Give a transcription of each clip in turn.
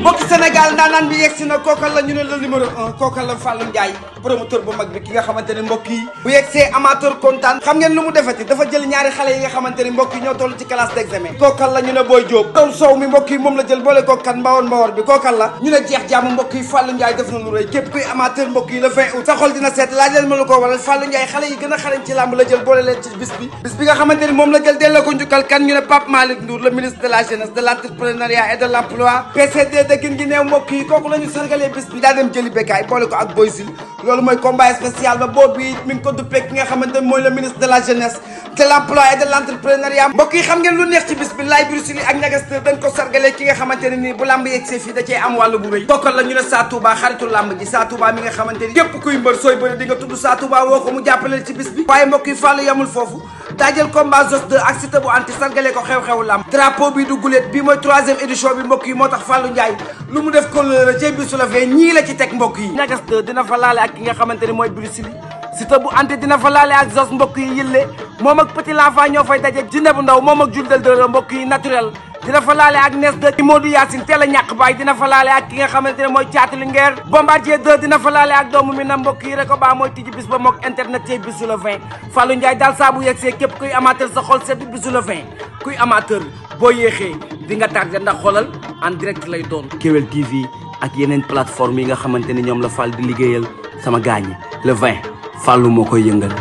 mbokki Sénégal ndaanaan bi yegg si na kookal la ñu ne la numéro un kookal la Fallou Ndiaye promoteur bu mag bi ki nga xamante ne mbokk yi bu yegsee amateur kontaan xam ngeen lu mu defati dafa jël ñaari xale yi nga xamante ne mbokk yi ñoo toll ci classe d'examen kookal la ñu ne Boy Diop doon soow mi mbokk yi moom la jël boole kookan mbawor mbawor bi kookal la ñu ne jeex jàmm na lu rëy képp kuy a xarañ ci làmb kooku la ñu sargalee bis jëli bekkaay boole ko ak Boy Sil loolu mooy combat spécial ba boobu it ngi ko duppee ki nga xamante mooy le ministre de la jeunesse de l' emploi et de l' mbokk yi xam ngeen lu neex ci bis bi laay Bruce Lee dañ ko sargalee ki nga xamante nii bu làmb yegsee fii da am wàllu bu rëy bokkal la ne Sa Touba xaritu làmb ji Sa Touba mi nga xamante ni képp kuy mbër sooy bëri di tudd Sa Touba woo ko mu jàppaleel ci bis waaye mbokk yi fàllu yamul foofu moo tax Fallou teg mbokk yi Nagastère ki nga xamante ne mooy Bruce Lee Siteu bu ante dina fa laale ak Zos mbokk yi yëlle moom ak Petit Lafa ñoo fay daje Jinne bu ndaw moom ak Juldal Doro mbokk yi naturel dina fa laale ak Nes 2 Modou Yacine teel a ñàkk baay dina fa laale ak ki nga xamante ne mooy Thiatou Linguère Bombardier 2 dina fa laale ak doomu mi na mbokk yi rek ba mooy tijji bis ba mook internet tey bisu le 20 Fallou Ndiaye daal saa bu yegsee képp kuy amateur sa xol sedd bisu le 20 kuy amateur boo yéexee di nga tardé ndax xoolal en direct lay doon Kewel TV ak yeneen plateforme yi nga xamante ni ñoom la Fall di liggéeyal sama gaañi le 20 Fallu moo koy yëngal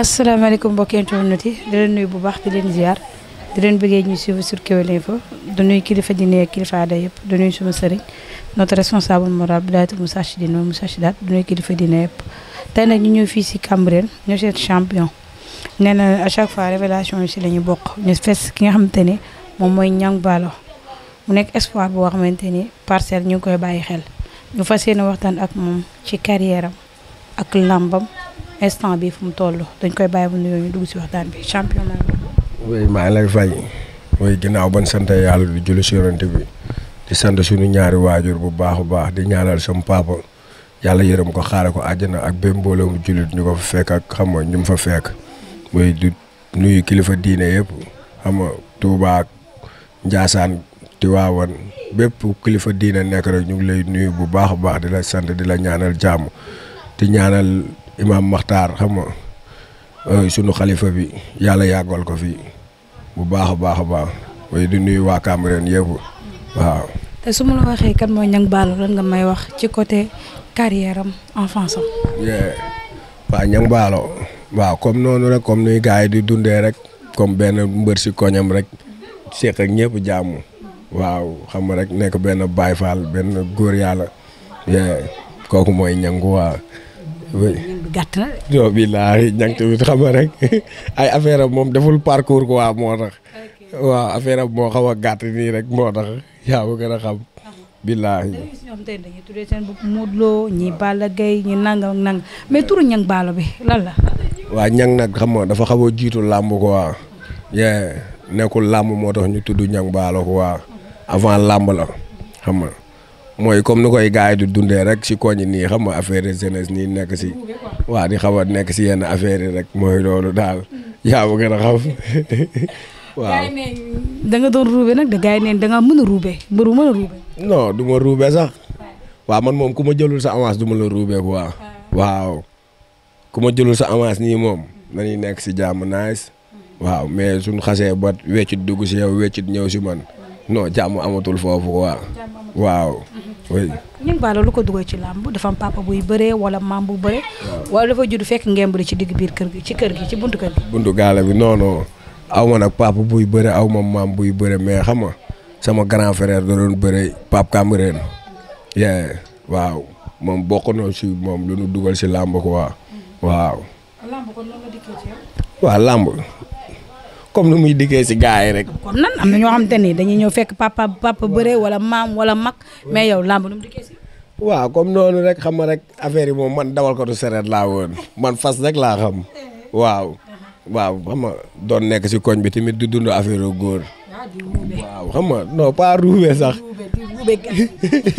asalaamaaleykum mbokki internet yi di leen bu baax di leen ziar di leen bëggee ñu suivre sur Kewel Info di nuyu kilifa diine ak kilifa aada yëpp di nuyu suma sëriñ notre responsable moral bi daaytu Moustarchidine Moustarchidaty di nuyu kilifa diine yëpp tey nag ñu ñëw fii si Cambérène ñoo seen champion nee na chaque fois révélation yi si lañuy bokk ñu fes ki nga xamante ni moom mooy Niang Ballo mu nekk espoir boo xamante ni parcelle ñu ngi koy bàyyi xel ñu fas yéene waxtaan ak moom ci carrière ak làmbam instant bi fu mu toll dañ koy bàyyi bu nuyoo ñu dugg si waxtaan bi championnat oui maa ngi lay fay mooy ginnaaw ban sant yàlla di julli si yonent bi di sant suñu ñaari waajur bu baax a baax di ñaanal sama papa yàlla yërëm ko xaare ko àjjana ak benn mbooloo mu jullit ñu ko fa fekk ak xam nga ñu fa fekk mooy du nuyu kilifa diine yëpp xam nga Touba ak Ndiassane bépp kilifa diine nekk rek ñu ngi lay nuyu bu baax a baax di la sant di la ñaanal jàmm di ñaanal imaam Maxtaar xam sunu xalifa bi yàlla yàggal ko fi bu baax a baax a baax mooy di nuyu waa Cambérène yëpp waaw. te su ma la waxee kan mooy Niang Ballo lan nga may wax ci côté carrière am enfance am. waaw Niang Ballo. waaw comme noonu rek comme nuy gars yi di dundee rek comme benn mbër si koñam rek seq ak ñëpp jàmm waaw xam nga rek nekk benn Baay Faal benn góor yàlla kooku mooy ñangu waaw. gàtt rek ay affaire moom deful parcours quoi moo tax. waaw affaire moo xaw a gàtt nii rek moo tax yaa ma gën a xam. billaahi. ñoom tey dañuy tuddee turu ñang Balla bi waa ñang nag xam nga dafa xaw a jiitu làmb ko waa yee nekkul làmb moo tax ñu tudd ñang baalo ko waa avant làmb la xam nga mooy comme nu koy gars du dundee rek si koñ nii xam nga affaire jeunesse nii nekk si waa di xaw a nekk si yenn affaire yi rek mooy loolu daal yaa ma gën a xam waaw da nga doon ruube nag de gars neen da mën a ruube mbëru mën a ruube non du ma ruube sax waaw man moom ku ma jëlul sa avance du ma la ruube quoi ah. waaw ku ma jëlul sa avance nii moom nañuy nekk si jàmm nice waaw mais suñ xasee ba weccit dugg si yow weccit ñëw si man non jàmm amatul foofu waaw. waaw. Mhm. ñu ngi baal lu ko dugal ci làmb dafa am papa buy bëree wala maam bu bëree. wala dafa judd fekk ngemb ci digg biir kër ci kër gi ci buntu kër gi. buntu bi non aw ma nag papa buy bëre aw ma buy bëre mais xam nga sama grand frère da doon bëre Pape Camberène. waaw moom bokk si moom lu nu dugal si làmb waa waaw. waaw làmb comme ni muy dikkee si gaa yi rek. nan am na ñoo xamante ni dañuy ñëw fekk papa papa bëre wala maam wala mag mais yow làmb nu mu dikkee si. waaw comme noonu rek xam nga rek affaire yi moom man dawal ko du sereet laa woon man fas rek laa xam waaw. waaw xam nga doon nekk si koñ bi tamit du dund affaire góor. Ah, waaw xam nga non pas ruubee sax.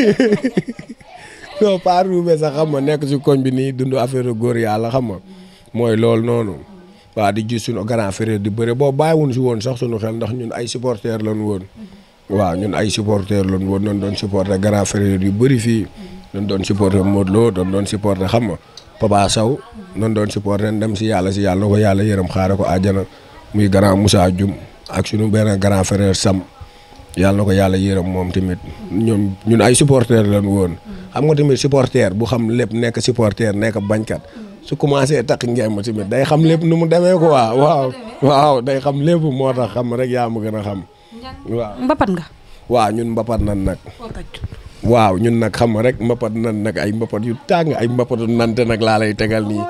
non pas ruube sax xam nga nekk si koñ bi nii dund affaire góor yàlla xam nga mooy loolu noonu. waaw di gis suñu grand frère di bëre boo bàyyiwuñ si woon sax suñu xel ndax ñun ay supporters lañ woon. waaw ñun ay supporters lañ woon doon doon supporter grand frère yu bëri fii. doon doon supporter Modou Lo doon doon supporter xam nga Papa Sow. doon doon supporter dem si yàlla si yàlla ko yàlla yërëm xaare ko àjjana muy grand Moussa Dioum ak suñu benn grand frère Sam. yàlla na ko yàlla yërëm moom tamit ñoom ñun ay supporters lañ woon. xam nga tamit supporter bu xam lépp nekk supporter nekk bañkat su commencé takk ngeen ma tamit day xam lépp nu mu demee ko waa ah, waaw waaw day xam lépp moo tax xam rek yaa ma gën a xam waaw mbapat nga waaw ñun mbapat nan nag waaw ñun nag xam rek mbapat nan nag ay mbapat yu tàng ay mbapatu nante nag laa lay tegal nii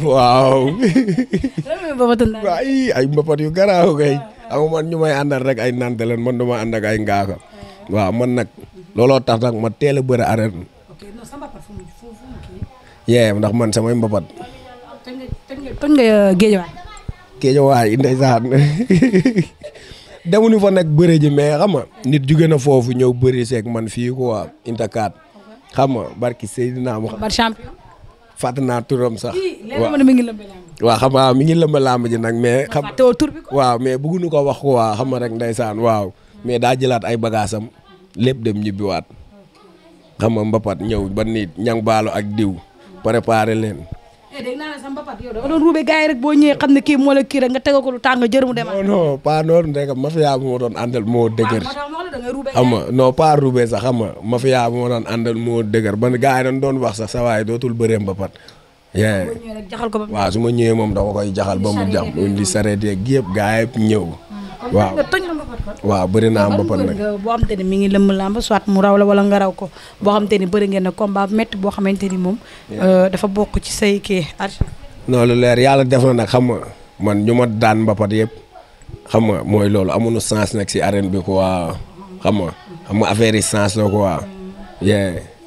waaw waaw ay mbapat yu garaaw kay xam ñu may àndal rek ay nante leen man du ma ànd ak ay ngaaka ah. waaw man nag looloo tax nag ma teel a bëri arène yee ndax man samay mbabat. toj nga uh, géejawaay. géejawaay ndeysaan demuñu fa nag bëre ji mais xam nga nit jugee na foofu ñëw bëri seek man fii quoi intakat xam nga barki Seydina Muhammad. bar champion. fàtte naa turam sax. waaw mi ngi lëmb waaw xam nga mi ngi lëmb làmb ji nag mais. xam waaw mais bëgguñu ko wax quoi xam nga rek ndeysaan waaw. mais daa jëlaat ay bagaasam lépp dem ñibbiwaat xam nga mbapat ñëw ba nit ñang baalo ak diw. préparé leen. Eh, dégg naa doon ruube gars boo ñëwee xam ne kii moo la kii rek nga ko lu tàng jër mu dem. non non pas noonu rek mafia bi moo doon àndal moo dëgër. xam nga sax xam nga moo doon àndal moo dëgër ba gars yi doon wax sax sa waay dootul bëree mbapat. yaa waaw su ma ñëwee moom da ko koy jaxal ba mu jax indi sareet yeeg yëpp gars yi ñëw. waaw toj na mbapat kon waaw bëri naa mbapat nag boo xam te ne mi ngi lëmm làmb soit mu raw la wala nga raw ko boo xam te ne bëri ngeen na combat métti boo xamante ni moom euh, dafa bokk ci say kii non leer yàlla def na nag xam nga man ñu daan mbapat yëpp xam nga mooy loolu amuñu sens nag si arène bi quoi xam nga xam nga yi sens la quoi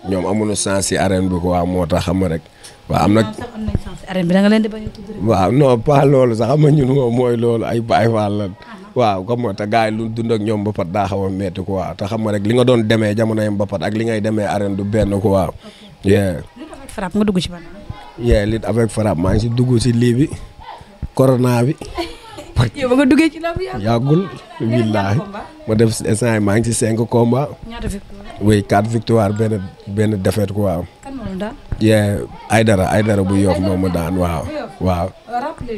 ñoom amuñu sens si arène bi quoi moo tax xam rek waaw am na a tudd waaw non pas loolu sax xam nga ñun moom mooy loolu ay baay faal lan ah. waaw comme moo tax gars lu dund ak ñoom mbapat daa xaw a métti quoi xam nga rek li nga doon demee jamono yi mbapat ak li ngay demee arène du benn ko yeah lutte avec nga dugg ci ban. yeah maa ngi si dugg si lii bi corona bi. yow ba billaahi ma def instant yi maa ngi ci cinq combats. ñaata victoire. oui quatre victoire benn benn défaite quoi. kan moo Aydara Aydara bu yoof moom ma daan waaw. waaw.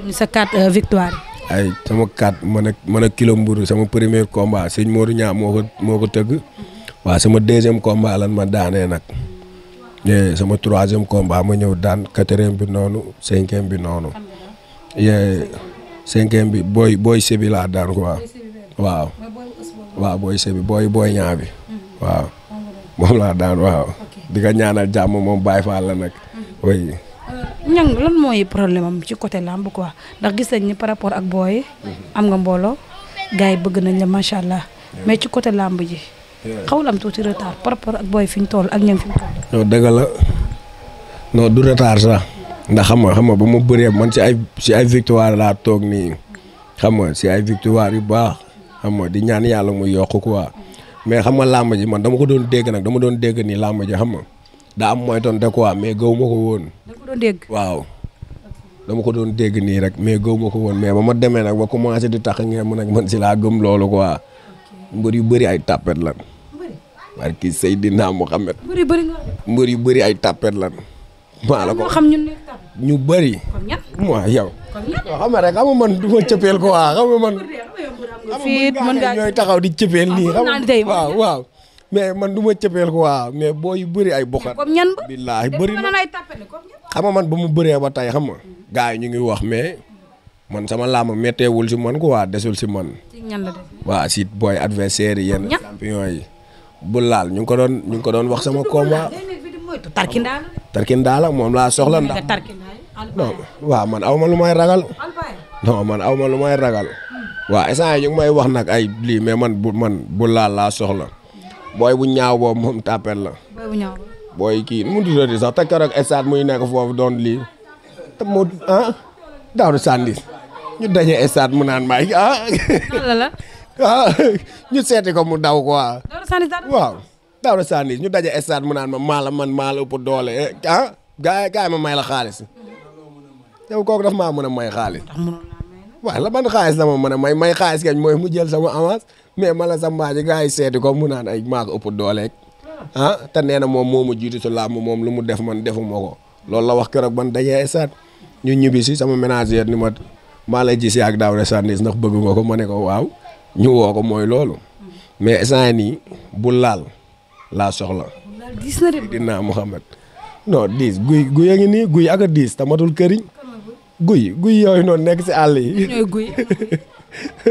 sa quatre euh, victoire ay sama kat man ak man ak kilo mburu sama premier combat sëñ moo ko moo ko tëgg waaw sama deuxième combat lan ma daanee nag yee sama troisième combat ma ñëw daan quatrième bi noonu cinquième bi noonu yee cinquième bi booy booy sébi laa daan quoi waaw waaw booy sébi booy booy ñaa bi waaw moom laa daan waaw di ko ñaanal jàmm moom Baye Fall la nag way mm-hmm. Euh, ñang lan mooy problème am ci côté làmb quoi ndax gis nañ ni par rapport ak booy mhm. am nga mbooloo gars yi bëgg nañ la macha allah mais ci côté làmb ji xawul am tuuti retard par rapport ak booy fi ñu toll ak ñang fi ñu toll. non dëgg la non du retard sax ndax xam nga xam nga ba mu bëree man ci ay si ay victoire laa toog nii xam nga ci ay victoire yu baax xam nga di ñaan yàlla mu yokk quoi mais xam nga làmb ji man dama ko doon dégg nag dama doon dégg nii làmb ji xam nga. daa am moytonte quoi mais gaw ma ko woon. da ko doon dégg waaw. dama ko doon dégg nii rek mais gaw ma ko woon mais ba ma demee nag ba commencé di tax ngeen mën ak man si laa gëm loolu ko mbër yu bari ay tapet lan. barki Seydina Mohamed. mbër yu bëri yu bëri ay tapet lan. maa la ko xam ñun ñu bëri. waaw yow. waaw xam nga rek xam nga man taxaw di cëppeel nii. mais man du ma cëppeel waa mais boo yu bëri ay bokkat. comme ñan ba bëri na xam man ba mu bëree ba tey xam nga. gars yi ñu ngi wax mais. man sama làmb metteewul si man waa desul si man. ci ñan si booy adversaire yi yenn champion yi. bu laal ñu ngi ko doon ñu ngi ko doon wax sama combat. tarkindaala. daala moom laa soxla ndax. non waaw man aw ma lu may ragal. non man aw ma lu may ragal. Hmm. waa instant yii ñu may wax nag ay lii mais man bu man bu laal laa soxla. booy bu ñaaw boobu moom tàppet la. booy kii nu mu tuddati sax te keroog stade muy nekk foofu doon lii te moo ah Daouda Sandi ñu daje stade mu naan maay ah. la ah, ñu seeti ko mu daw quoi. Daouda Sandi waaw ñu daje stade mu naan ma maala man maala ëpp doole eh, ah gaay gaay ma may la xaalis. yow kook daf maa mu a may xaalis. waaw la man xaalis dama mën a may may xaalis kañ mooy mu jël sama avance. mais ma la sa maa ji gars yi seeti ko mu naan ay maa ko ëpp dooleeg ah te nee na moom moo ma jiitu si làmb moom lu mu def man defuma ko loolu la wax keroog man dajee esaat ñu ñibbi si sama ménagère ni ma maa lay gis ak daaw sandis ndax bëgg nga ko ma ne ko waaw ñu woo ko mooy loolu mais essange nii bu laal laa soxla dinaa Mouhamed non diis guy guy a ngi nii guy ak a diis tamatul këriñ guy guy yooyu noonu nekk si àll yi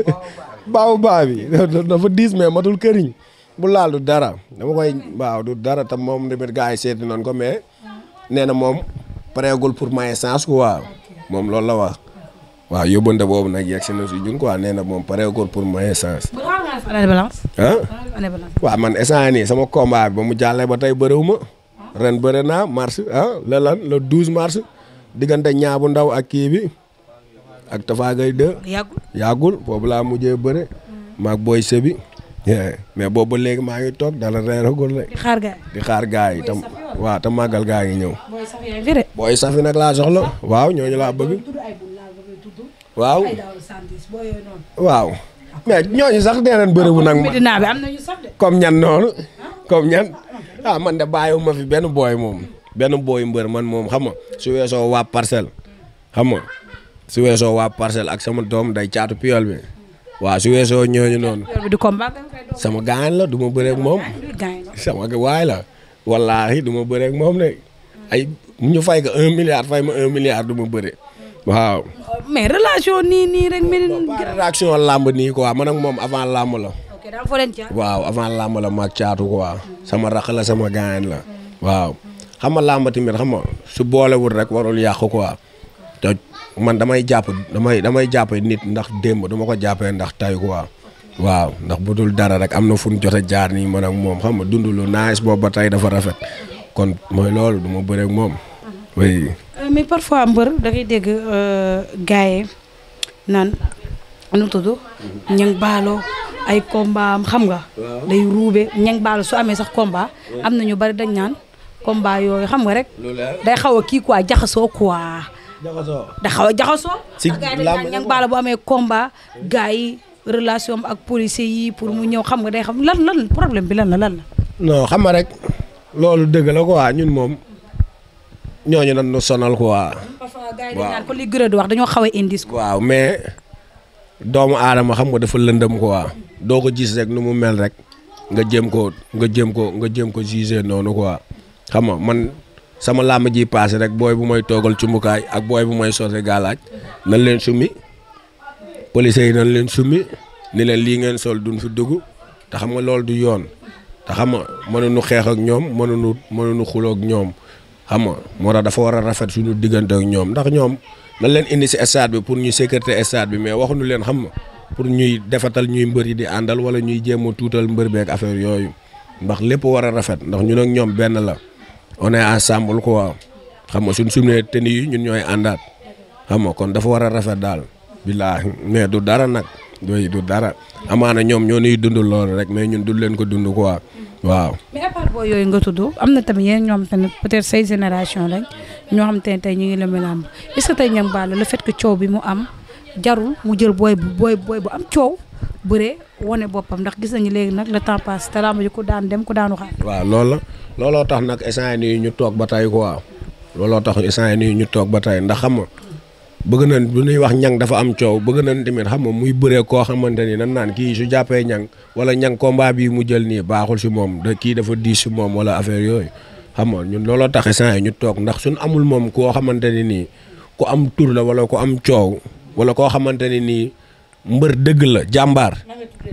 baabu baa bi dafa diis mais matul këriñ bu laal du dara dama koy waaw du dara tam moom tamit gars yi seeti noon ko mais nee na moom pareegul pour ma essence quoi moom loolu la wax waaw yóbbante boobu nag yegg si na si ñun quoi nee na moom pareegul pour ma essence. bu man essence nii sama combat bi ba mu jàllee ba tey bëriwuma ren bëri naa mars ah le lan le 12 mars diggante ñaabu ndaw ak kii bi. ak Tafa Gueye 2. yàggul yàggul boobu laa mujjee bëre. Mm. maag booy sebi mais boobu ba léegi maa ngi toog dala reeragul rek. di xaar gaay di xaar gaay tam. waaw te màggal gaa ngi ñëw. booy safi yaa ngi fi de. laa soxla. waaw ñooñu laa bëgg. waaw. waaw. Ah, mais ñooñu sax dee nañ bëriwu nag ma comme ñan noonu. Ah, comme ñan ah, ah man de bàyyiwu ma fi benn booy moom. benn booy mbër man moom xam nga su weesoo waa parcel xam su weesoo waa parcelle ak sama doom day caatu piol bi waaw su weesoo ñooñu noonu. sama gaañ la du ma bëreeg moom. sama waay la. wallaahi du ma moom ne ay ñu fay ko un milliard fay ma un milliard du ma bëre. waaw. mais relation moom avant làmb la. waaw avant làmb la maag caatu quoi. sama rax la sama gaañ la. waaw xam nga làmb tamit xam nga su boolewul rek warul yàq quoi. to man damay jàpp damay damay jàppee nit ndax démb dama ko jàppee ndax tay quoi. waaw ndax bu dul dara rek am na fu ñu jot jaar nii man moom xam nga dund lu nice boobu ba tey dafa rafet kon mooy loolu du ma bëre moom. oui. Euh, mais parfois mbër da ngay dégg euh, gaay naan nu tudd. ñang baalo ay combat xam nga. day ruube ñang baalo su amee sax combat. am na ñu bari dañ ñaan combat yooyu xam nga rek. day xaw a kii quoi jaxasoo quoi. jaxasoo da xaw a jaxasoo. si ñang baala bu amee combat gars yi relation ak policier yi pour mu ñëw xam nga day xam lan lan problème bi lan la lan la. non xam nga rek loolu dëgg ko quoi ñun moom ñooñu dañ ñu sonal quoi. waaw parfois ko li gërëm di dañoo xaw a indice. waaw mais doomu aadama xam nga dafa ko waa doo ko gis rek nu mu mel rek nga jëm ko nga jëm ko nga jëm ko jugé noonu quoi xam nga man. sama làmb ji paase rek booy bu may toogal ci ak booy bu may soose gaalaaj nan leen summi police yi nan leen summi ni leen lii ngeen sol duñ fi dugg te xam nga loolu du yoon te xam nga nu xeex ak ñoom mënuñu mënuñu xuloo ak ñoom xam nga moo tax dafa war a rafet suñu diggante ak ñoom ndax ñoom nan leen indi si stade bi pour ñu sécurité stade bi mais waxuñu leen xam nga pour ñuy defatal ñuy mbër yi di àndal wala ñuy jéem a tuutal mbër beeg affaire yooyu ndax lépp war a rafet ndax ñun ak ñoom benn la. on est ko waaw xam nga suñ sumee tenue yi ñun ñooy àndaat xam kon dafa war a rafet daal. billaahi mais du dara nag doy du dara amaana ñoom ñoo ñuy dund loolu rek mais ñun du leen ko dundu quoi waaw. mais à boo yooyu nga tudd am na tamit yeneen ñoom xam te ne peut-être say génération lañ ñoo xam te ne tey ñu ngi lëmb làmb est que tey ñam baal la fait que coow bi mu am jarul mu jël booy bu booy booy bu am coow. bëre wane boppam ndax gis nañu léegi nag le temps passe te làmb ji ku daan dem ku daanu xaar. waaw loolu la looloo tax nag instant nii ñu toog ba tey quoi looloo tax instant nii ñu toog ba tey ndax xam nga bëgg nañ bu ñuy wax ñang dafa am coow bëgg nañ tamit xam nga muy bëree koo xamante ni nan naan kii su jàppee ñang wala ñang combat bii mu jël nii baaxul si moom da kii dafa diis si moom wala affaire yooyu xam nga ñun looloo tax instant ñu toog ndax suñ amul moom koo xamante ni nii ku am tur la wala ku am coow wala koo xamante nii mbër dëgg la jàmbaar.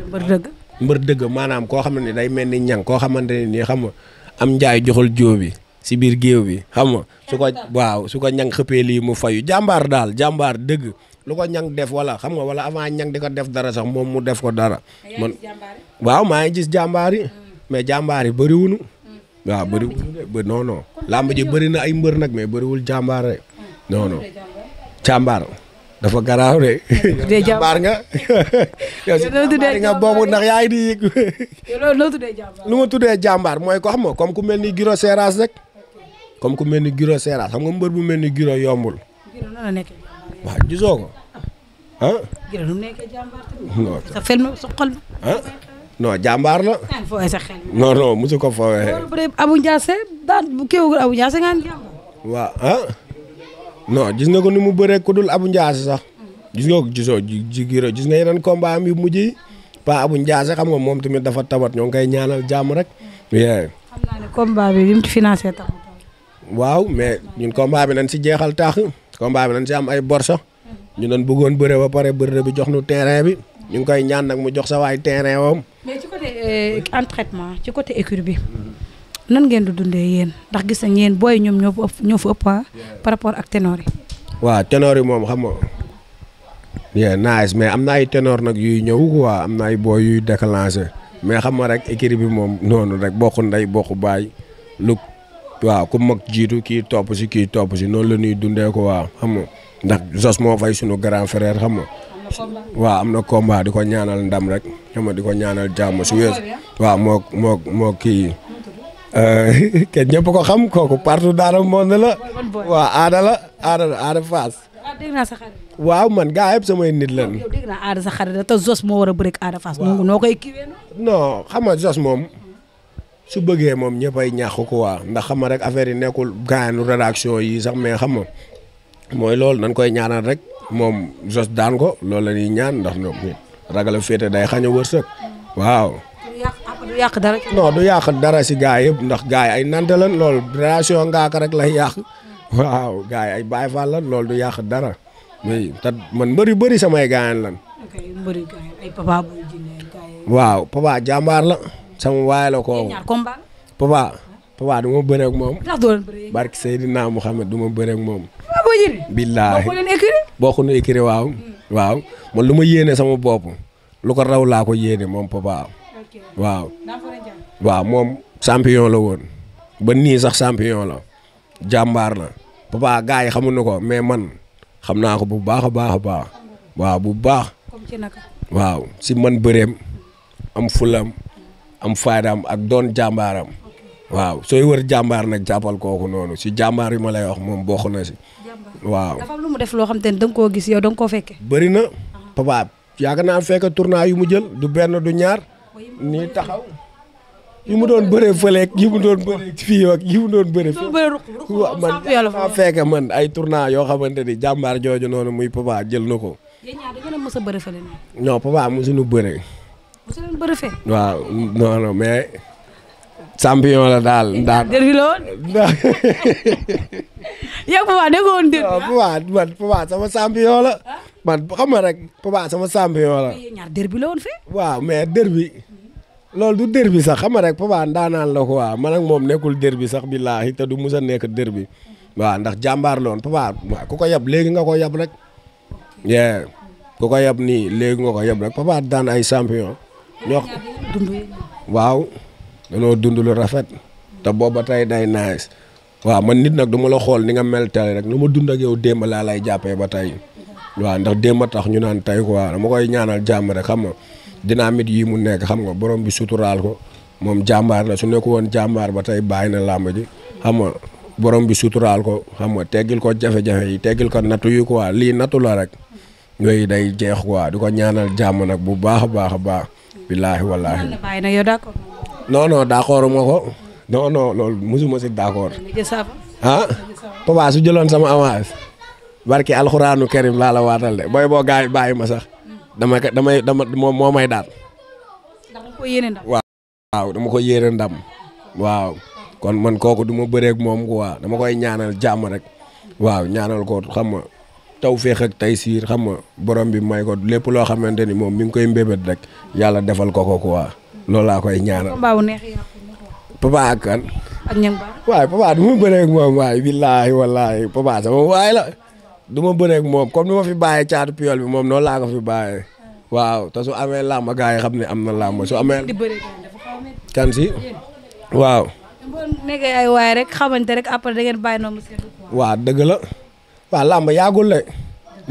mbër dëgg. mbër dëgg maanaam koo xam ni day mel ni ñang koo xamante ne nii xam nga am njaay joxul jóob bi si biir géew bi xam nga su ko waaw su ko ñang xëppee lii mu fayu jàmbaar daal jàmbaar dëgg lu ko ñang def wala xam nga wala avant ñang di ko def dara sax moom mu def ko dara. man waaw maa ngi gis jàmbaar yi. Mm. mais jàmbaar yi bëriwunu mm. waaw bëriwul làmb ji bëri na ay mbër nag mais bëriwul jàmbaar rek mm. non non dafa garaaw de. tuddee nga. yow si jàmbaar nga boobu ndax yaa ngi tuddee jàmbaar mooy ko xam ku mel ni Giro Seras rek. comme ku mel ni Giro Seras xam nga mbër bu mel ni Giro yombul. Giro nan la nekkee. waaw gisoo ko ah. Giro mu nekkee ah? ko fooyee. loolu bu dee Abou Ndiassé ah. non gis nga ko ni mu bëree ku dul Abu Ndiassé sax gis nga ko gisoo ji giro gis nga yeneen combat am yu mujj yi Pa Abu Ndiassé xam nga moom tamit dafa tawat ñoo ngi koy ñaanal jàmm rek. xam naa ne bi lim waaw mais ñun combat bi nañ si jeexal tax combat bi nañ si am ay borsa ñu doon bëggoon bëre ba pare bëre bi jox nu terrain bi ñu ngi koy ñaan nag mu jox sa waay terrain woom. mais ci côté euh, entraînement ci bi. nan ngeen di dundee yéen ndax gis na yéen booy ñoom ñoo ëpp ñoo fa ah, par rapport ak tenoor yi. waaw ténor yi moom xam nga. bien nice mais am na ay tenoor nag yuy ñëw waa am na ay booy yuy déclenché mais xam nga rek écrit bi moom noonu rek bokku ndey bokku baay lu waaw ku mag jiitu kii topp si kii topp si noonu la ñuy dundee ko waaw xam nga ndax Zos moo fay sunu grand frère xam nga. waa am na combat di ko ñaanal ndam rek xam nga di ko ñaanal jàmm su weesu. waaw moo moo moo kii. Euh, kenn ñëpp ko xam kooku partout dans le monde la. waaw aada la aada faas. Ah, waaw man gaa samay nit lan dégg naa aada sa xarit moo war a aada faas. waaw noo koy kiiwee no xam nga Zoss moom su bëggee moom ñëppay ñàkk ko waa ndax xam nga rek affaire yi nekkul gaayanu rédaction yi sax mais xam nga mooy loolu dañ koy ñaanal rek moom Zoss daan ko loolu la ñaan ndax ñoom ragal a day xañ a wërsëg waaw. du yàq dara du yàq dara si gars yëpp ndax gars ay nante lan loolu relation ngaaka rek lay yàq waaw gars yi ay Baay Faal lan loolu du yàq dara mais te man mbëri bëri samay gaañan lan. ok waaw Papa jàmbaar la sama waay la kooku Papa Papa du ma bëreeg moom. ndax doon bëreeg barki du ma bëreeg moom. billaahi boo nu écrir waaw. man lu ma yéene sama bopp lu ko raw laa ko yéene moom Papa. waaw waaw moom champion la woon ba nii sax champion la jàmbaar la papa gars yi xamuñu ko mais man xam naa ko bu baax a baax a baax waaw bu baax waaw si man bëreem am fulam am faaydaam ak doon jàmbaaram waaw sooy wër jàmbaar nag jàppal kooku noonu si jàmbaar yi ma lay wax moom bokk na si waaw dafa lu mu def loo xam te ne da nga gis yow da nga koo fekke bëri na ah. papa yaakaar naa fekk tournoi yu mu jël du benn du ñaar nii taxaw yi mu doon bëree fëleeg yi mu doon bëree fii ak yi mu doon bëree waaw man maa fekk man ay tournant yoo xamante ni jàmbaar jooju noonu muy papa jël na ko non papa mosuñu bëree waaw non non champion la daal eh, daal derbi la woon. yow Papa da derbi. waaw Papa man Papa sama la. Ah? man xam nga derbi la mais derbi. loolu du derbi sax xam nga rek Papa ndaanaan la ko waaw man ak moom nekkul derbi sax billaahi te du musa a nekk derbi. waaw ndax jàmbaar la woon ku ko yab léegi nga ko yab rek. ku ko yab nii léegi nga ko yab rek Papa daan ay champion. waaw. danoo dund lu rafet te booba tey day nice waaw man nit nag du ma la xool ni nga mel tey rek lu ma dund ak yow démb laa lay jàppee ba tey waa ndax ba tax ñu naan tey quoi dama koy ñaanal jàmm xam nga dynamite yi mu nekk xam nga borom bi suturaal ko moom jàmbaar la su nekku jàmbaar ba tey bàyyi na làmb ji xam nga borom bi suturaal ko xam nga teggil ko jafe-jafe yi teggil ko nattu yi quoi lii nattu la rek yooyu day jeex quoi di ko ñaanal jàmm nag bu baax a baax a baax. billaahi wallaahi. non non d'accord ma ko non non loolu mosuma si d'accord ah papa su jëloon sama avance barki alxuraanu karim laa la waatal de booy boo gars yi bàyyi ma sax dama damay dama moo may daal. dama ko dama ko yéene ndam waaw kon man kooku duma ma bëreeg moom waa dama koy ñaanal jàmm rek waaw ñaanal ko xam taw féexak ak taysiir xam nga borom bi may ko lépp loo xamante ni moom mi ngi koy mbébét rek yàlla defal ko ko waa loolu laa koy ñaanal. papa papa ak kan. waaye papa du ma moom waaye billaahi wallaahi papa sama waay la duma ma bëree ak moom comme ni fi bàyyee caatu piol bi moom noonu laa ko fi bàyyee. waaw te su amee làmb gars yi xam ne am na làmb su amee. di bëree kan si waaw. nekkee ay waay rek xamante rek après da ngeen bàyyi noonu waaw dëgg la waaw làmb yaagul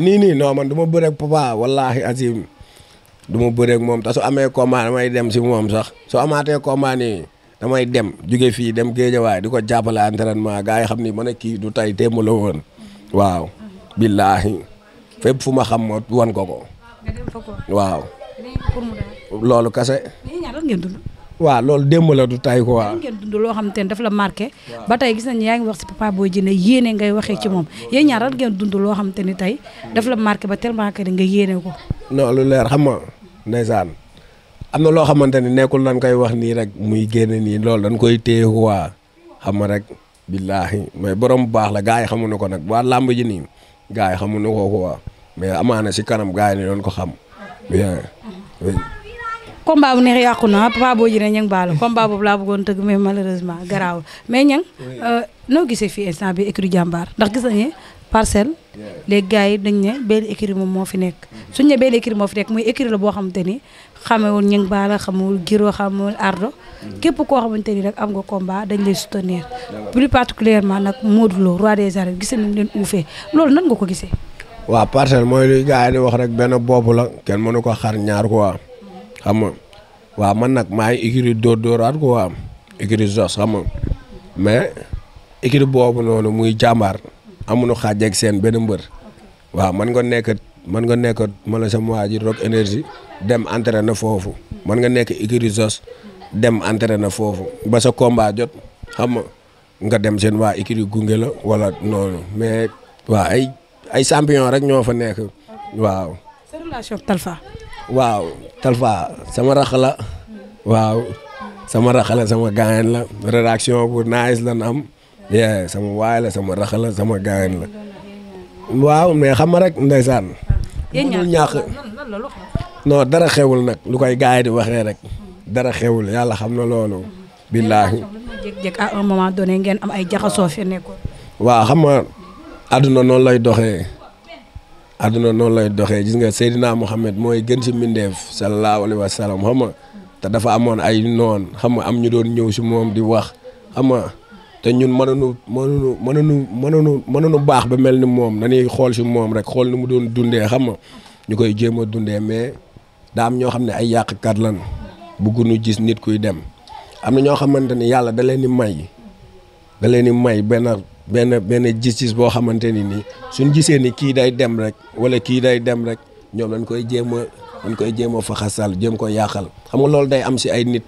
nii nii non man du papa wallaahi azim. du ma bëreeg moom te su amee combat damay dem si moom sax su amaatee combat nii damay dem jóge fii dem géejawaay di ko jàppale entraînement gaa yi xam ni man a kii du tay démb la woon waaw. fu ma xam ma wan ko ko. waaw. loolu kase. waaw loolu démb la du tay ko waa ngeen dund loo xam te ne daf la marqué. ba tey gis nañu yaa ngi wax si papa booy jëne yéene ngay waxee ci moom yéen ñaar lan loo xam te ni tey daf la marqué ba tellement nga yéene ko. non lu leer xam nga ndeysaan am na loo xamante ni nekkul dañ koy wax nii rek muy génne ni loolu dañ koy téye waa xam nga rek billaahi mais borom bu baax la gars yi xamuñu ko nag waa làmb ji nii gars yi xamuñu ko quoi mais amaana si kanam gars yi ni doon ko xam. bien. combat bu neex yàqu na Papa Boy Djiné Niang Balla combat boobu laa bëggoon tëgg mais malheureusement garaawul mais Niang euh, noo gisee fi instant bi écurie jàmbaar ndax gis nañu parcelle léegi gars yi dañ ne benn écurie moom moo fi nekk mm-hmm. suñ ne benn écurie moo fi nekk muy écurie la boo xamante ni xamul ñëng baala xamewul giro xamewul ardo mm-hmm. képp koo xamante ni rek am nga combat dañ lay soutenir plus particulièrement nag Modou Lo roi des arènes gisee nañ leen uufee loolu nan nga ko gisee waaw parcelle mooy luy gars di wax rek benn bopp la kenn mënu ko xar ñaar quoi xam nga waaw man nag maa ngi écurie dóor dóoraat quoi écurie Zoss xam nga mais écurie boobu noonu muy jàmbaar amuñu xaaj ak seen benn mbër waaw man nga nekk man nga nekk ma la sama waa ji Rock Énergie dem na foofu man nga nekk écurie Zoss dem na foofu ba sa combat jot xam nga nga dem seen waa écurie gunge la wala noonu mais waaw ay ay rek ñoo fa nekk waaw. sa relation Talfa. waaw Talfa sama rax la. Hmm. waaw sama rax la sama gaañ la rédaction bu nice lan am. sama waay la sama raxa la sama gaayan la waaw mais xam nga rek ndeysaan mënul ñàkk non dara xewul nag lu koy gaay di waxee rek dara xewul yàlla xam na loolu billaahi am ay jaxasoo fi nekkoon waa xam nga àdduna noonu lay doxee àdduna noonu lay doxee gis nga Seydina Mohamed mooy gën si mbindeef sallallahu alayhi xam nga te dafa amoon ay noon xam nga am ñu doon ñëw si moom di wax xam nga te ñun a a a mënuñu mënuñu a mënuñu baax ba mel ni moom dañuy xool si moom rek xool nu mu doon dundee xam nga ñu koy jéem a dundee mais daa am ñoo xam ne ay yàqkat lan bëgguñu gis nit kuy dem am na ñoo xamante ni yàlla da leen di may da leen di may benn benn benn gis boo xamante ni nii suñ jisee ni kii day dem rek wala kii day dem rek ñoom lañ koy jéem a dañ koy jéem a faxasal jéem ko yàqal xam nga loolu day am si ay nit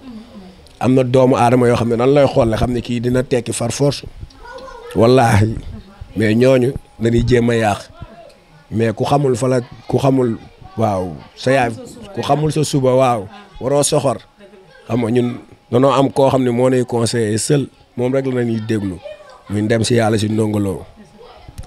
am na doomu aadama yoo xam ne nan lay xool xam ne kii dina tekki far force wallaahi mais ñooñu dañuy jéem a yàq mais ku xamul fa ku xamul waaw sa yaay ku xamul sa suba waaw waroo soxor xam nga ñun danoo am koo xam ne moo nuy conseillé seul moom rek la ñuy déglu muy dem si yàlla si ndongoloo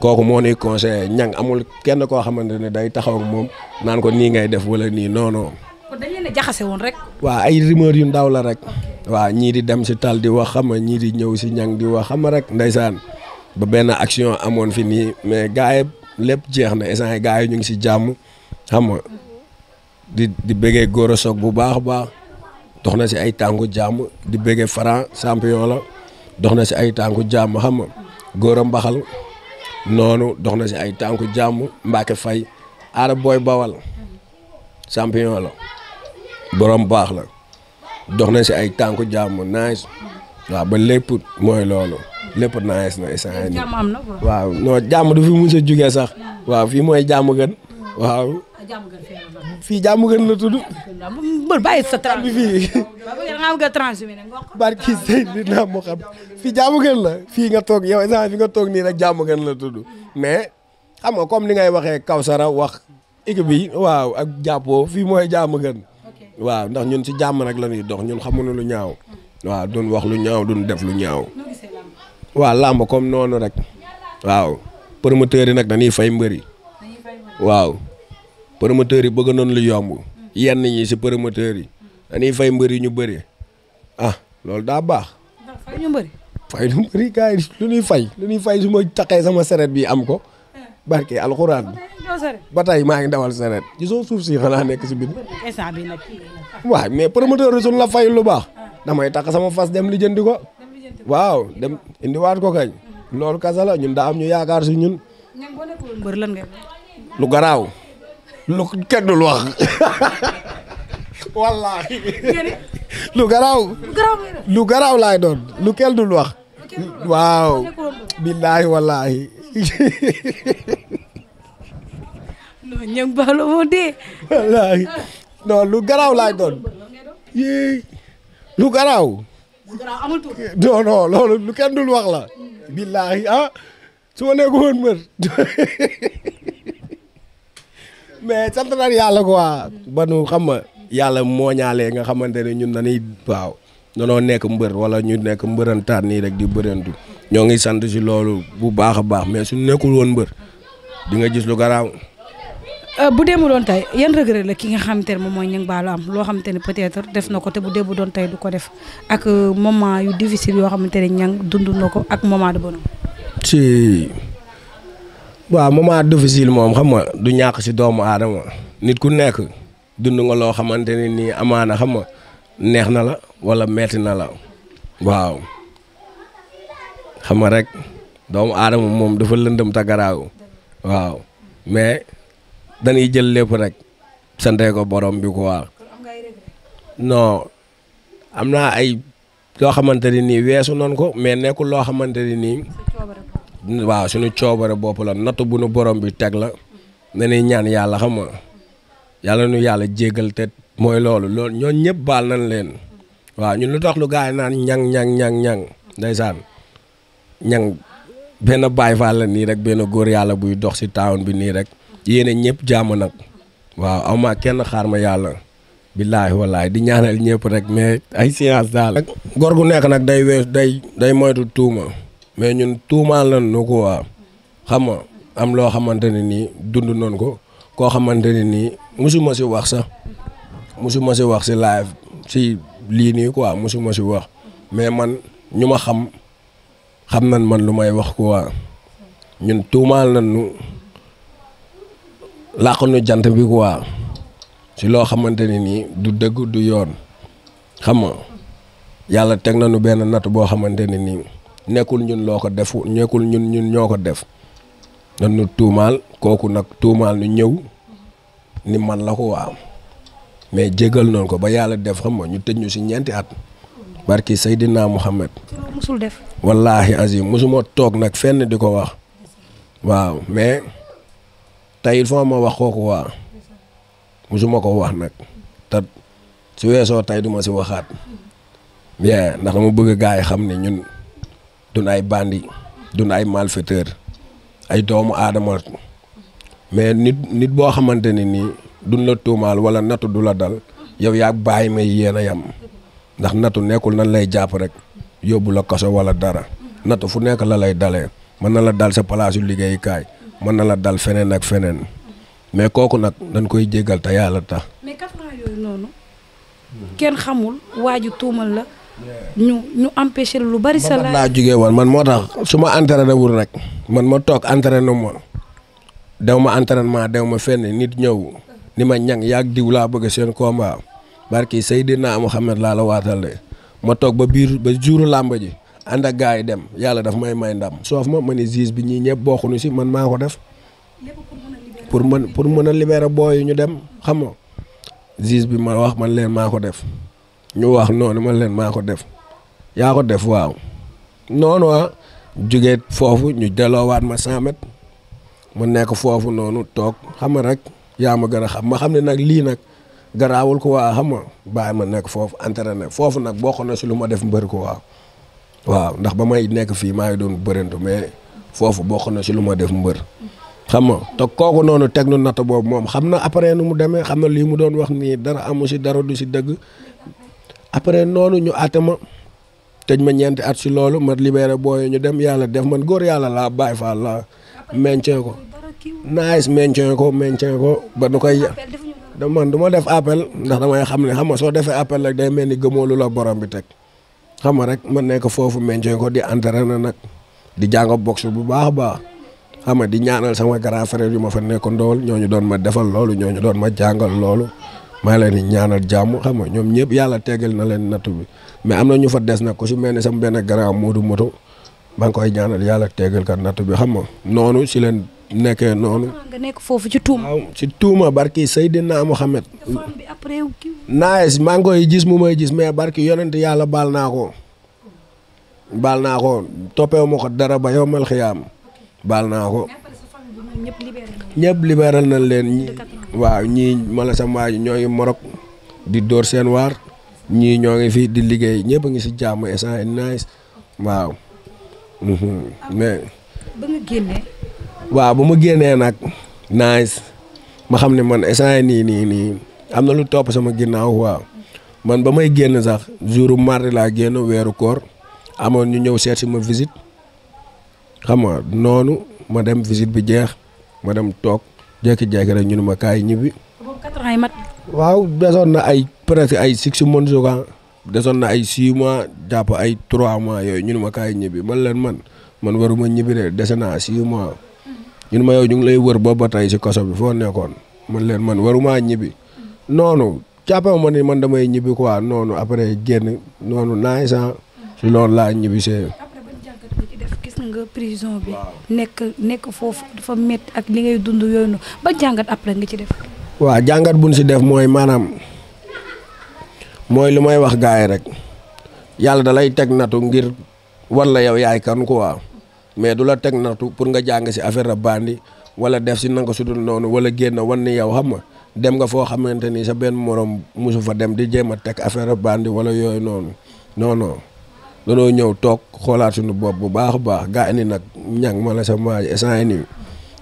kooku moo nuy conseillé ñang amul kenn koo xamante ne day taxaw moom naan ko nii ngay def wala nii noonoo kon woon rek. waaw ay rumeur yu ndaw la rek. waaw ñii di dem si taal di wax xam ñii di ñëw si ñang di wax xam rek ndeysaan ba benn action amoon fi nii mais gars yi lépp jeex na instant gars yi ñu ngi si jàmm xam nga di di bëggee Gora Sock bu baax a baax dox na si ay tànku jàmm di bëggee Franc champion la dox na si ay tànku jàmm xam nga Mbaxal noonu dox na si ay tànku jàmm Mbacke fay aada booy bawal champion la. borom baax la dox na si ay tànku jàmm nice waaw ba lépp mooy loolu lépp nice na instant jàmm na waaw non jàmm du fi mos a jugee sax mm. waaw fii mooy jàmm gën waaw fii jàmm gën la tudd mbër bàyyi sa tram bi fii barki sëy fii jàmm gën la fii nga toog yow instant fi nga toog nii rek jàmm gën la tudd mais xam nga comme ni ngay waxee Kawsara wax équipe bi waaw ak jàppoo fii mooy jàmm gën waaw ndax ñun ci jàmm nag la ñuy dox ñun xamuñu lu ñaaw. waaw duñ wax lu ñaaw duñ def lu ñaaw. waaw làmb kom noonu rek. waaw promoteurs yi nag dañuy fay mbër yi. waaw promoteurs yi bëgg noonu lu yomb. yenn ñi ci promoteurs yi. dañuy fay mbër yi ñu bëri. ah loolu daa baax. fay ñu mbëri. fay yi lu ñuy fay lu ñuy fay su ma taqee sama seret bii am ko. barke alxuraan ba tey maa ngi dawal sareet gisoo suuf si xanaa nekk si biir. instant bi nag waaw suñ la fay lu baax. damay takk sama fas dem lijjanti ko. waaw dem indiwaat ko kañ. loolu kasa la ñun daa am ñu yaakaar si ñun. lu garaaw. lu kenn wax. lu garaaw. laay doon lu kenn wax. waaw. billaahi wallaahi. non ñoom baalu moo dee. wallaahi non lu garaaw laay doon. lu garaaw. lu lu kenn dul wax la. billaahi ah su ma nekk woon mër mais sant nañu yàlla quoi. ba nu xam ma yàlla moo ñaalee nga xamante ne ñun dañuy waaw danoo nekk mbër wala ñu nekk mbërantaan nii rek di bërantu. ñoo ngi sant si loolu bu baax a baax mais suñu nekkul woon mbër di nga gis lu garaaw. Euh, bu démb doon tey yan regret la ki nga xamante ne moom mooy Niang Balou loo xamante ne peut-être def na ko te bu doon tey du ko def ak euh, moment yu difficile yoo xamante ne Niang dund na ko ak moment de bon si waaw moment difficile moom xam nga du ñàkk si doomu aadama nit ku nekk dund nga loo xamante ne nii amaana xam nga neex na la wala metti na la waaw. xam nga rek doomu aadama moom dafa lëndëm ta garaaw waaw mais dañuy jël lépp rek santee ko borom bi ko waa no am naa ay loo xamante ni nii weesu noon ko mais nekkul loo xamante ni nii waaw suñu coobare bopp la nattu bu nu borom bi teg la ne ñaan yàlla xam nga yàlla nu yàlla jéggal te mooy loolu loolu ñoo ñëpp baal nañ leen waaw ñun lu tax lu gaay naan ñang ñang ñang ñang ndeysaan ñang benn baay faal la nii rek benn góor yàlla buy dox si town bi nii rek yéene ñëpp jàmm nag waaw ama kenn xaar ma yàlla billaahi wallaahi di ñaanal ñëpp rek mais ay science daal góor gu nekk nag day wees day day moytu tuuma mais ñun tuumaal nañ nu ko waa xam nga am loo xamante ne nii dund noonu ko koo xamante ne nii musuma si wax sax musuma si wax si live si lii nii quoi musuma si wax mais man ñu ma xam xam nañ man lu may wax ko waa ñun tuumaal nañ nu làq nu jant bi ko waa ci loo xamante ni nii du dëgg du yoon xam nga yàlla teg na nu benn natt boo xamante ne nii nekkul ñun loo ko def nekkul ñun ñun ñoo ko def nan nu tuumaal kooku nag tuumaal nu ñëw ni man la ko waa mais jégal noonu ko ba yàlla def xam nga ñu tëj ñu ci ñeenti at barki Seydina Muhammad musul wallaahi azim mosuma toog nag fenn di ko wax waaw mais tey il faut ma wax kooku waa mosuma ko wax nag te su weesoo tey duma si waxaat bien ndax dama bëgg gars yi xam ne ñun dun ay bandi dun ay malfaiteur ay doomu aadama mais nit nit boo xamante ne nii duñ la tuumaal wala nattu du la dal yow yaa bàyyi may yéen a yam ndax nattu nekkul nan lay jàpp rek yóbbu la kaso wala dara natt fu nekk la lay dalee mën na la dal sa palaasu liggéeyukaay mën na la dal feneen ak feneen mais kooku nag dañ koy jéggal te yàlla tax. mais kafra yooyu noonu kenn xamul waaju tuumal la ñu ñu lu bari. sa la laa jugee woon man moo tax su ma entraîné wul rek man ma toog entraîné ma dew ma entraînement dew ma fenn nit ñëw ni ma ñang yaag diw laa bëgg seen combat barki Seydina Muhammad laa la waatal de ma toog ba biir ba juuru làmb ji ànd ak gars yi dem yàlla daf may may ndam soof ma ma ne gis bi ñii ñëpp bokkuñu si man maa ko def pour mën pour mën a libérer booy ñu dem xam nga bi ma wax man leen maa ko def ñu wax noonu man leen maa ko def yaa ko def waaw noonu ah foofu ñu delloowaat ma 100 mètres mu nekk foofu noonu toog xam nga rek yaa ma gën a xam ma xam ne nag lii nag. garaawul ko waa xam nga bàyyi ma nekk foofu entraîné foofu nag bokk na si lu ma def mbër ko waa waaw ndax ba may nekk fii maa ngi doon bërintu mais foofu bokk na si lu ma def mbër xam nga te kooku noonu teg nu natt boobu moom xam na après nu mu demee xam na lii mu doon wax nii dara amu si dara du si dëgg après noonu ñu àtte ma tëj ma ñeenti at si loolu ma libéré booy ñu dem yàlla def man góor yàlla laa bàyyi fa laa ko nice ko maintien ko ba nu koy da man du ma def appel ndax damay xam ne xam nga soo defee appel rek day mel ni gëmoo lu la borom bi teg xam nga rek ma nekk foofu meññee ko di na nag di jàng boxe bu baax a baax xam nga di ñaanal sama grand frère yu ma fa nekkoon dool ñooñu doon ma defal loolu ñooñu doon ma jàngal loolu maa leen di ñaanal jàmm xam nga ñoom ñëpp yàlla tegal na leen nattu bi mais am na ñu fa des nag ko si mel ni sama benn grand Modou Moto maa ngi koy ñaanal yàlla tegal ka nattu bi xam nekkee noonu. Ah, nga foofu ci tuuma. waaw ci tuuma barki Seydina Mohamed. naaj maa ngi koy gis mu may gis mais barki yonent yàlla baal naa ko. baal naa ko toppeewu ma ko dara ba yow mal xiyaam baal naa ko. ñëpp liberal nañ leen waaw ñii mala sama ñoo ngi Maroc di door seen waar ñii ñoo ngi fii di liggéey ñëpp a ngi si jàmm instant nice waaw mhm. ah, mais. ba nga waaw bu ma génnee nag nice ma xam ne man instant nii nii nii am na lu topp sama ginnaaw waaw man ba may génn sax jour mardi laa génn weeru koor amoon ñu ñëw seet si ma visite xam nga noonu ma dem visite bi jeex ma dem toog jekki jékki rek ñu ne ma kaay ñibbi. waaw desoon na ay presque ay six mois souvent desoon na ay six mois jàpp ay trois mois yooyu ñu ne ma kaay ñibbi man leen man man ma ñibbi de dese naa six mois. ñun ma yow ñu ngi lay wër booba tey si kaso bi foo nekkoon man leen man waruma ñibbi noonu jàppama ma ni man damay ñibbi quoi noonu après génn noonu naaj sax si loolu laa ñibbi see. nga prison bi. nekk nekk foofu dafa métti ak li ngay dund yooyu noonu ba jàngat après nga ci def. waaw jàngat bu si def mooy maanaam mooy lu may wax gars yi rek yàlla dalay teg natu ngir war la yow yaay kan quoi. mais du la teg nattu pour nga jàng si affaire a bandi def si nanga sudul noonu wala génn wan ni yow xam nga dem nga foo xamante ni sa benn morom mosu fa dem di jéem a teg affaire bandi wala yooyu noonu non non danoo ñëw toog xoolaat suñu bopp bu baax a baax gaa indi nag ñang ma la sa maaj essant nii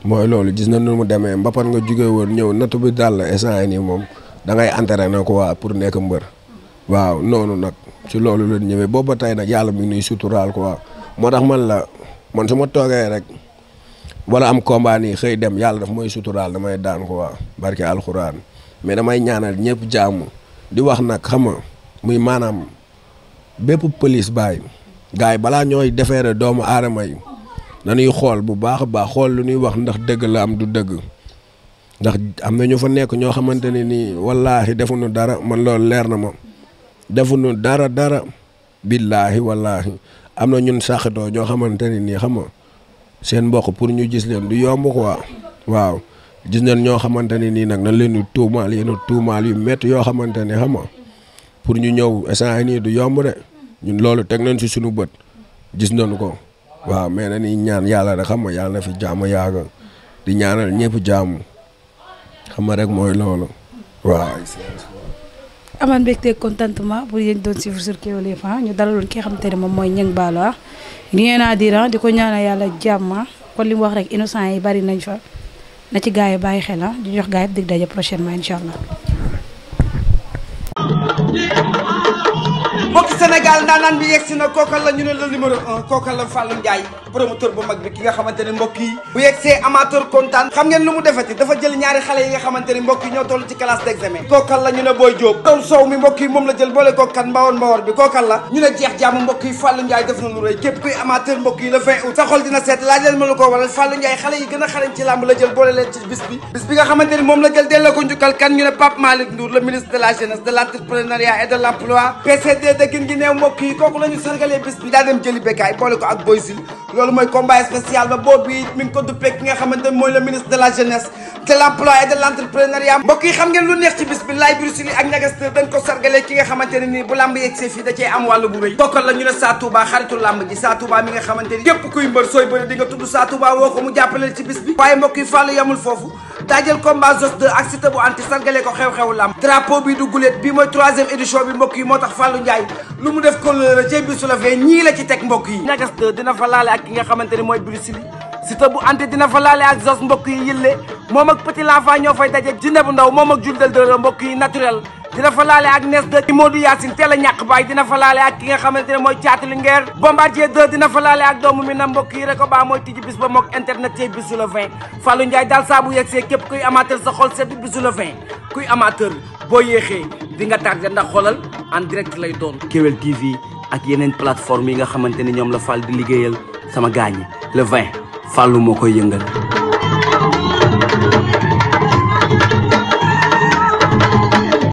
mooy loolu gis na nu mu demee mbapat nga jóge woon ñëw nattu bi daal la nii moom dangay ngay na ko waa pour nekk mbër waaw noonu nag ci loolu la ñëwee booba tey nag yàlla mi ngi nuy suturaal quoi moo tax man la man su ma toogee rek wala am combat xëy dem yàlla daf mooy suturaal damay daan ko waa barke alxuraan mais damay ñaanal ñëpp jaamu di wax nag xam nga muy maanaam bépp police bàyyi gars yi balaa ñooy defeere doomu aadama yi dañuy xool bu baax a baax xool lu ñuy wax ndax dëgg la am du dëgg ndax am na ñu fa nekk ñoo xamante ne nii wallaahi defuñu dara man loolu leer na ma nu dara dara billaahi wallaahi am na ñun saxatoo ñoo xamante ne nii xam nga seen mbokk pour ñu jis leen du yomb quoi waaw jis nañ ñoo xamante ne nii nag nañ leen di tuumaal yenn tuumaal yu métti yoo xamante ne xam nga pour ñu ñëw instant nii du yomb de ñun loolu teg nañ si suñu bët gis nañ ko waaw mais dañuy ñaan yàlla rek xam nga yàlla na fi jaamu yaaga di ñaanal ñëpp jaamu xam nga rek mooy loolu waaw. amaan mbégte contentement pour yéen doon suivre sur Kewel FM ñu dalaloon ki nga xamante ne moom mooy Niang Ballo rien à dire ah, di ko ñaanal yàlla jàmm ah. kon li mu wax rek innocent yi bari nañ fa na ci gars yi bàyyi xel ah. di jox gars yi dig daje prochainement incha allah. mbokki Sénégal ndaanaan bi yegg si na kookal la ñu ne la numéro promoteur bu mag bi ki nga xamante ne mbokk yi bu yegsee amateur kontaan xam ngeen lu mu defati dafa jël ñaari xale yi nga xamante ne yi ñoo toll la ñu ne booy jóob kookal la ñu ne jeex jaamu na lu rëy képp kuy amateur mbokk a xarañ ci làmb la la jël delloo ko njukkal kan ñu ne Pape Malick Ndour le ministre de la jeunesse de l'entrepreneuriat et de l'emploi PCD de gin gi neew mbokk kooku la ñu sargalee bis jëli bekaay boole ko ak boy sil loolu mooy combat spécial ba boobu mi ngi ko duppee ki le ministre de la jeunesse de l'emploi et de l'entrepreneuriat mbokk yi xam ngeen lu neex ci bis bi laay Bruce Lee ak ñagasteur dañ ko sargalee ki nga xamante ne nii bu lamb yegsee fii da am wàllu bu rëy la ñu ne Sa xaritu lamb ji Sa Touba mi nga xamante ni yépp kuy mbër sooy bëri di tudd Sa Touba woo ko mu jàppaleel ci bis waaye mbokk yi fàllu yamul foofu daajal combat Zoss 2 ko xew-xewu lamb drapeau bi du guléet bi mooy troisième édition bi mbokk yi moom ak petit l'enfant ñoo fay daje jinne bu ndaw moom ak juldal dëra mbokk yi naturel dina fa ak nees de Modou Yacine teel a ñàkk baay dina fa ak ki nga xamante ne mooy caati li ngeer Bombardier 2 dina fa laale ak doomu mi na mbokk yi rek baa mooy tijji bis ba mook internet tey bisu le 20 Fallou Ndiaye daal yegsee képp kuy amateur sa xol sedd bisu le 20 kuy amateur boo yéexee di nga tardé ndax xoolal en direct lay doon Kewel TV ak yeneen plateforme yi nga xamante ne ñoom la Fall di liggéeyal sama gaañi le 20 Fallou moo koy yëngal